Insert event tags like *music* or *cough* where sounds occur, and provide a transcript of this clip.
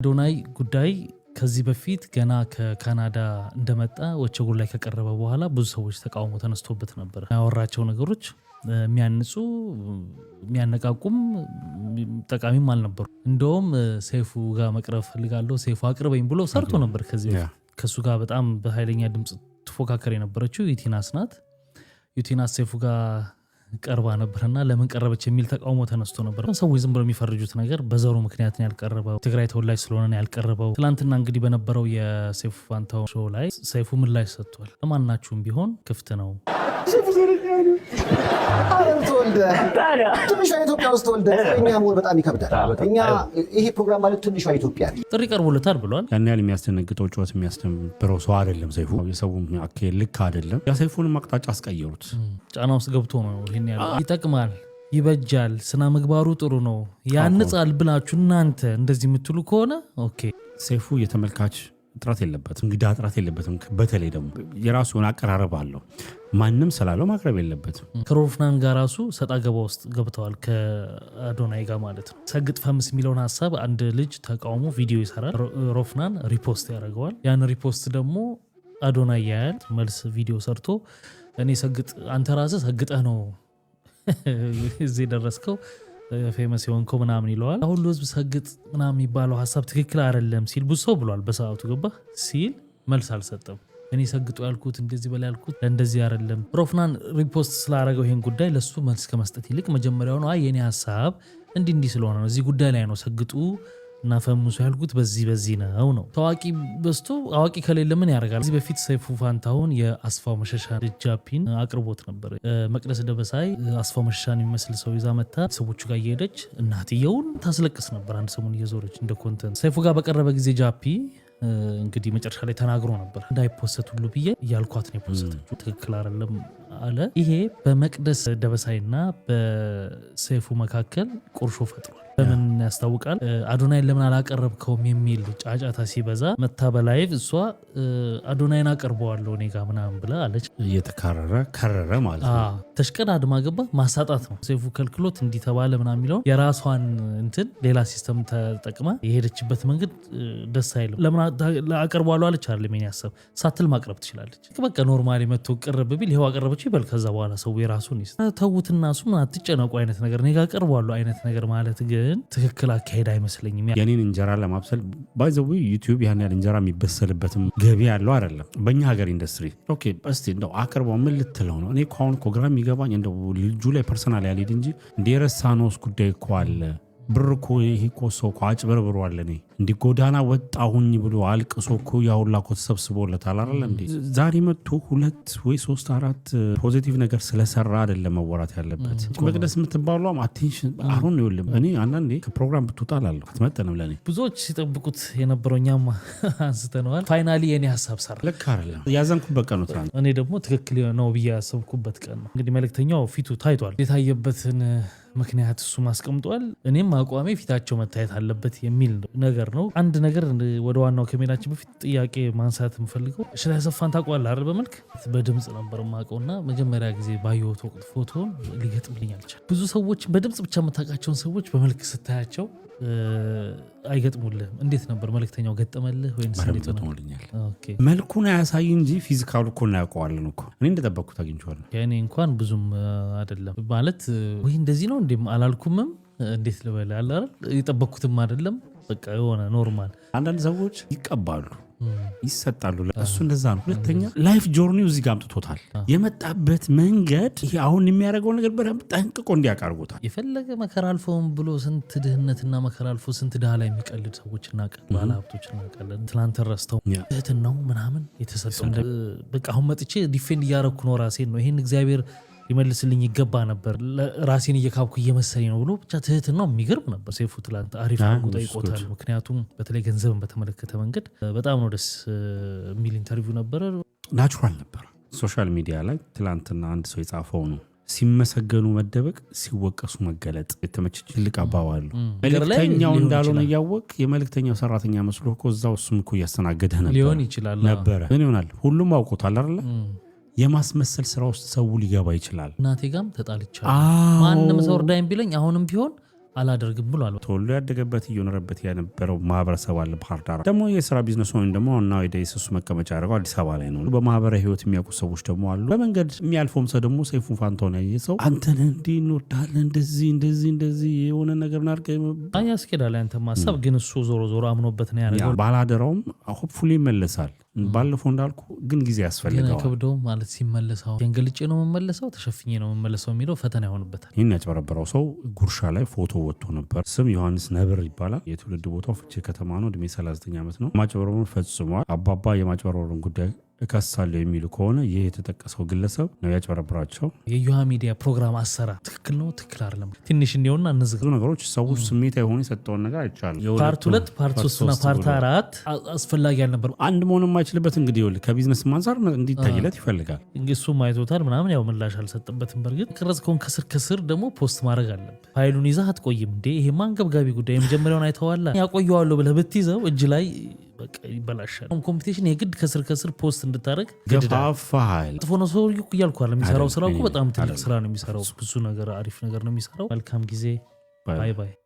አዶናይ ጉዳይ ከዚህ በፊት ገና ከካናዳ እንደመጣ ወቸጉር ላይ ከቀረበ በኋላ ብዙ ሰዎች ተቃውሞ ተነስቶበት ነበር። ያወራቸው ነገሮች የሚያንጹ የሚያነቃቁም ጠቃሚም አልነበሩ። እንደውም ሰይፉ ጋር መቅረብ ፈልጋለሁ ሰይፉ አቅርበኝ ብሎ ሰርቶ ነበር። ከዚህ ከእሱ ጋር በጣም በኃይለኛ ድምፅ ትፎካከር የነበረችው ዩቲናስ ናት። ዩቲናስ ሰይፉ ጋር ቀርባ ነበርና ለምን ቀረበች የሚል ተቃውሞ ተነስቶ ነበር። ሰዎች ዝም ብሎ የሚፈርጁት ነገር በዘሩ ምክንያት ነው ያልቀረበው፣ ትግራይ ተወላጅ ስለሆነ ነው ያልቀረበው። ትናንትና እንግዲህ በነበረው የሰይፉ ፋንታሁን ሾው ላይ ሰይፉ ምላሽ ሰጥቷል። ለማናችሁም ቢሆን ክፍት ነው ትንሿ ኢትዮጵያ ውስጥ ተወልደህ እኛ መሆን በጣም ይከብዳል። እኛ ይሄ ፕሮግራም ማለት ትንሿ ኢትዮጵያ ጥሪ ቀርቦለታል ብሏል። ያን ያህል የሚያስደነግጠው ጨዋታ የሚያስደንብረው ሰው አይደለም ሰይፉ። የሰው አካሄድ ልክ አይደለም። የሰይፉንም አቅጣጫ አስቀየሩት። ጫና ውስጥ ገብቶ ነው ይሄን ያለው። ይጠቅማል ይበጃል፣ ስነ ምግባሩ ጥሩ ነው፣ ያንጻል ብላችሁ እናንተ እንደዚህ የምትሉ ከሆነ ኦኬ። ሰይፉ የተመልካች ጥረት የለበትም፣ እንግዳ ጥረት የለበትም። በተለይ ደግሞ የራሱን አቀራረብ አለው። ማንም ስላለው ማቅረብ የለበትም። ከሮፍናን ጋር ራሱ ሰጣ ገባ ውስጥ ገብተዋል። ከአዶናይ ጋር ማለት ነው። ሰግጥ ፈምስ የሚለውን ሀሳብ አንድ ልጅ ተቃውሞ ቪዲዮ ይሰራል። ሮፍናን ሪፖስት ያደርገዋል። ያን ሪፖስት ደግሞ አዶናይ ያያል። መልስ ቪዲዮ ሰርቶ እኔ ሰግጥ አንተ ራስህ ሰግጠህ ነው *laughs* እዚህ የደረስከው ፌመስ የሆንከው ምናምን ይለዋል። ሁሉ ህዝብ ሰግጥ ምናምን የሚባለው ሀሳብ ትክክል አይደለም ሲል ብዙ ሰው ብሏል። በሰዓቱ ገባ ሲል መልስ አልሰጠም። እኔ ሰግጡ ያልኩት እንደዚህ በላይ ያልኩት ለእንደዚህ አይደለም። ሮፍናን ሪፖስት ስላደረገው ይህን ጉዳይ ለሱ መልስ ከመስጠት ይልቅ መጀመሪያውኑ የኔ ሀሳብ እንዲህ እንዲህ ስለሆነ ነው እዚህ ጉዳይ ላይ ነው ሰግጡ እና ፈሙሱ ያልኩት በዚህ በዚህ ነው ነው ታዋቂ በስቶ አዋቂ ከሌለ ምን ያደርጋል? እዚህ በፊት ሰይፉ ፋንታሁን የአስፋው መሸሻ ደጃፒን አቅርቦት ነበር። መቅደስ ደበሳይ አስፋው መሸሻን የሚመስል ሰው ይዛ መታ ሰዎቹ ጋር እየሄደች እናትየውን ታስለቅስ ነበር። አንድ ሰሙን እየዞረች እንደ ኮንተንት ሰይፉ ጋር በቀረበ ጊዜ ጃፒ እንግዲህ መጨረሻ ላይ ተናግሮ ነበር። እንዳይፖሰት ሁሉ ብዬ እያልኳት ነው የፖሰተችው ትክክል አይደለም አለ። ይሄ በመቅደስ ደበሳይና በሰይፉ መካከል ቁርሾ ፈጥሯል። በምን ያስታውቃል? አዶናይን ለምን አላቀረብከውም የሚል ጫጫታ ሲበዛ መታ በላይቭ እሷ አዶናይን አቀርበዋለሁ እኔ ጋ ምናምን ብላ አለች። እየተካረረ ከረረ ማለት ነው። አድማ ገባ። ማሳጣት ነው ሰይፉ ከልክሎት እንዲተባለ ምናምን የሚለውን የራሷን እንትን ሌላ ሲስተም ተጠቅማ የሄደችበት መንገድ ደስ አይልም። ለምን አቀርበዋለሁ አለች። አለ ያሰብ ሳትል ማቅረብ ትችላለች። በቃ ኖርማሊ መቶ ቅርብ ቢል ይኸው አቀረበች ሰዎች ይበል ከዛ በኋላ ሰው የራሱን ይስ ተዉትና እሱ አትጨነቁ አይነት ነገር እኔ ጋር ቀርቧሉ አይነት ነገር ማለት ግን ትክክል አካሄድ አይመስለኝም። የኔን እንጀራ ለማብሰል ባይዘዊ ዩቲዩብ ያን ያህል እንጀራ የሚበሰልበትም ገቢ ያለው አይደለም በእኛ ሀገር ኢንዱስትሪ። ኦኬ እስቲ እንደው አቅርበው ምን ልትለው ነው? እኔ ከአሁን ኮግራም ይገባኝ እንደው ልጁ ላይ ፐርሰናል ያልሄድ እንጂ እንደ የረሳነውስ ጉዳይ እኮ አለ ብር እኮ ይሄ እኮ ሰው እኮ አጭበርብሯል። እኔ እንዲህ ጎዳና ወጣሁኝ ብሎ አልቅሶ እኮ ያሁላ እኮ ተሰብስቦለታል አይደል እንዴ? ዛሬ መጥቶ ሁለት ወይ ሶስት አራት ፖዚቲቭ ነገር ስለሰራ አይደለም መወራት ያለበት። መቅደስ የምትባሏም አቴንሽን አሁን ይኸውልህ፣ እኔ አንዳንዴ ከፕሮግራም ብትወጣ ላለሁ አትመጠንም ለእኔ ብዙዎች ሲጠብቁት የነበረው እኛም *laughs* አንስተነዋል። ፋይናሊ የኔ ሀሳብ ሰራ። ልክ አይደለም ያዘንኩበት ቀኑ ትናንት፣ እኔ ደግሞ ትክክል ነው ብዬ ያሰብኩበት ቀን ነው። እንግዲህ መልእክተኛው ፊቱ ታይቷል የታየበትን ምክንያት እሱም አስቀምጧል። እኔም አቋሜ ፊታቸው መታየት አለበት የሚል ነገር ነው። አንድ ነገር ወደ ዋናው ከሜዳችን በፊት ጥያቄ ማንሳት የምፈልገው ሽላይ አሰፋን ታውቀዋለህ አይደል? በመልክ በድምፅ ነበር የማውቀውና መጀመሪያ ጊዜ ባየሁት ወቅት ፎቶን ሊገጥምልኝ አልቻል። ብዙ ሰዎች በድምፅ ብቻ የምታውቃቸውን ሰዎች በመልክ ስታያቸው አይገጥሙልህም። እንዴት ነበር መልክተኛው ገጠመልህ ወይ? ገጥሞልኛል? መልኩን አያሳይ እንጂ ፊዚካሉ እኮ እናያውቀዋለን እኮ። እኔ እንደጠበቅኩት አግኝቼዋለሁ። እኔ እንኳን ብዙም አይደለም ማለት ወይ እንደዚህ ነው እንዴ አላልኩምም እንዴት ልበል አለ አይደል? የጠበቅኩትም አይደለም በቃ የሆነ ኖርማል። አንዳንድ ሰዎች ይቀባሉ ይሰጣሉ። እሱ እንደዛ ነው። ሁለተኛ ላይፍ ጆርኒው እዚህ ጋር አምጥቶታል። የመጣበት መንገድ ይሄ አሁን የሚያደርገው ነገር በደንብ ጠንቅቆ እንዲያውቅ አድርጎታል። የፈለገ መከራ አልፎም ብሎ ስንት ድህነትና መከራ አልፎ ስንት ድሃ ላይ የሚቀልድ ሰዎች እናቀል፣ ባለ ሀብቶች እናቀል፣ ትላንትን ረስተው ትህትናው ምናምን የተሰጠ በቃ አሁን መጥቼ ዲፌንድ እያረኩ ነው ራሴን ነው ይህን እግዚአብሔር ሊመልስልኝ ይገባ ነበር፣ ራሴን እየካብኩ እየመሰለኝ ነው ብሎ ብቻ ትህትናው የሚገርም ነበር። ሴፉ ትላንት አሪፍ አድርጎ ጠይቆታል። ምክንያቱም በተለይ ገንዘብን በተመለከተ መንገድ በጣም ነው ደስ የሚል ኢንተርቪው ነበረ። ናቹራል ነበር። ሶሻል ሚዲያ ላይ ትላንትና አንድ ሰው የጻፈው ነው ሲመሰገኑ መደበቅ ሲወቀሱ መገለጥ የተመቸች ትልቅ አባባሉ መልክተኛው እንዳልሆነ እያወቅ የመልክተኛው ሰራተኛ መስሎ እኮ እዛው እሱም እኮ እያስተናገደ ነበር ሊሆን ይችላል ነበረ ምን ይሆናል ሁሉም አውቆታል አለ የማስመሰል ስራ ውስጥ ሰው ሊገባ ይችላል። እናቴ ጋም ተጣልቻለሁ። ማንም ሰው እርዳኝ ቢለኝ አሁንም ቢሆን አላደርግም ብሏል። ተወልዶ ያደገበት እየኖረበት የነበረው ማህበረሰብ አለ። ባህር ዳር ደግሞ የስራ ቢዝነስ ወይም ደግሞ ዋና የደሱስ መቀመጫ ያደረገው አዲስ አበባ ላይ ነው። በማህበረ ህይወት የሚያውቁ ሰዎች ደግሞ አሉ። በመንገድ የሚያልፈውም ሰው ደግሞ ሰይፉን ፋንታውን ያየ ሰው አንተን እንዲ እንወዳለን እንደዚህ እንደዚህ እንደዚህ የሆነ ነገር ናድርገ ያስኬዳል። አንተ ማሰብ ግን እሱ ዞሮ ዞሮ አምኖበት ነው ያደረገው። ባላደራውም ሆፕፉሊ ይመለሳል። ባለፈው እንዳልኩ ግን ጊዜ ያስፈልገዋል። ከብደው ማለት ሲመለሰው አሁን ነው መመለሰው ተሸፍኜ ነው የምመለሰው የሚለው ፈተና ይሆንበታል። ይህን ያጭበረበረው ሰው ጉርሻ ላይ ፎቶ ወጥቶ ነበር። ስም ዮሐንስ ነብር ይባላል። የትውልድ ቦታው ፍቼ ከተማ ነው። እድሜ 39 ዓመት ነው። ማጭበረበሩን ፈጽሟል። አባባ የማጭበረበሩን ጉዳይ እከሳለሁ የሚሉ ከሆነ ይህ የተጠቀሰው ግለሰብ ነው ያጭበረብራቸው። የዩሃ ሚዲያ ፕሮግራም አሰራር ትክክል ነው ትክክል አይደለም ትንሽ እንዲሆና እነዚህ ነገሮች ሰው ስሜት የሆኑ የሰጠውን ነገር አይቻልም። ፓርት ሁለት ፓርት ሶስትና ፓርት አራት አስፈላጊ አልነበርም። አንድ መሆን የማይችልበት እንግዲህ ይኸውልህ ከቢዝነስ አንጻር እንዲታይለት ይፈልጋል። እሱ አይቶታል ምናምን ያው ምላሽ አልሰጠበትም። በእርግጥ ቀረጽከውን ከስር ከስር ደግሞ ፖስት ማድረግ አለብህ። ፋይሉን ይዘህ አትቆይም እንዴ? ይሄ ማንገብጋቢ ጉዳይ የመጀመሪያውን አይተዋላ ያቆየዋለሁ ብለህ ብትይዘው እጅ ላይ በቃ ይበላሻል። ኮምፒቴሽን የግድ ከስር ከስር ፖስት እንድታደረግ ገፋፋል። ጥፎ ነው ሰው እያልኩ የሚሰራው ስራ በጣም ትልቅ ስራ ነው የሚሰራው። ብዙ ነገር አሪፍ ነገር ነው የሚሰራው። መልካም ጊዜ። ባይ ባይ።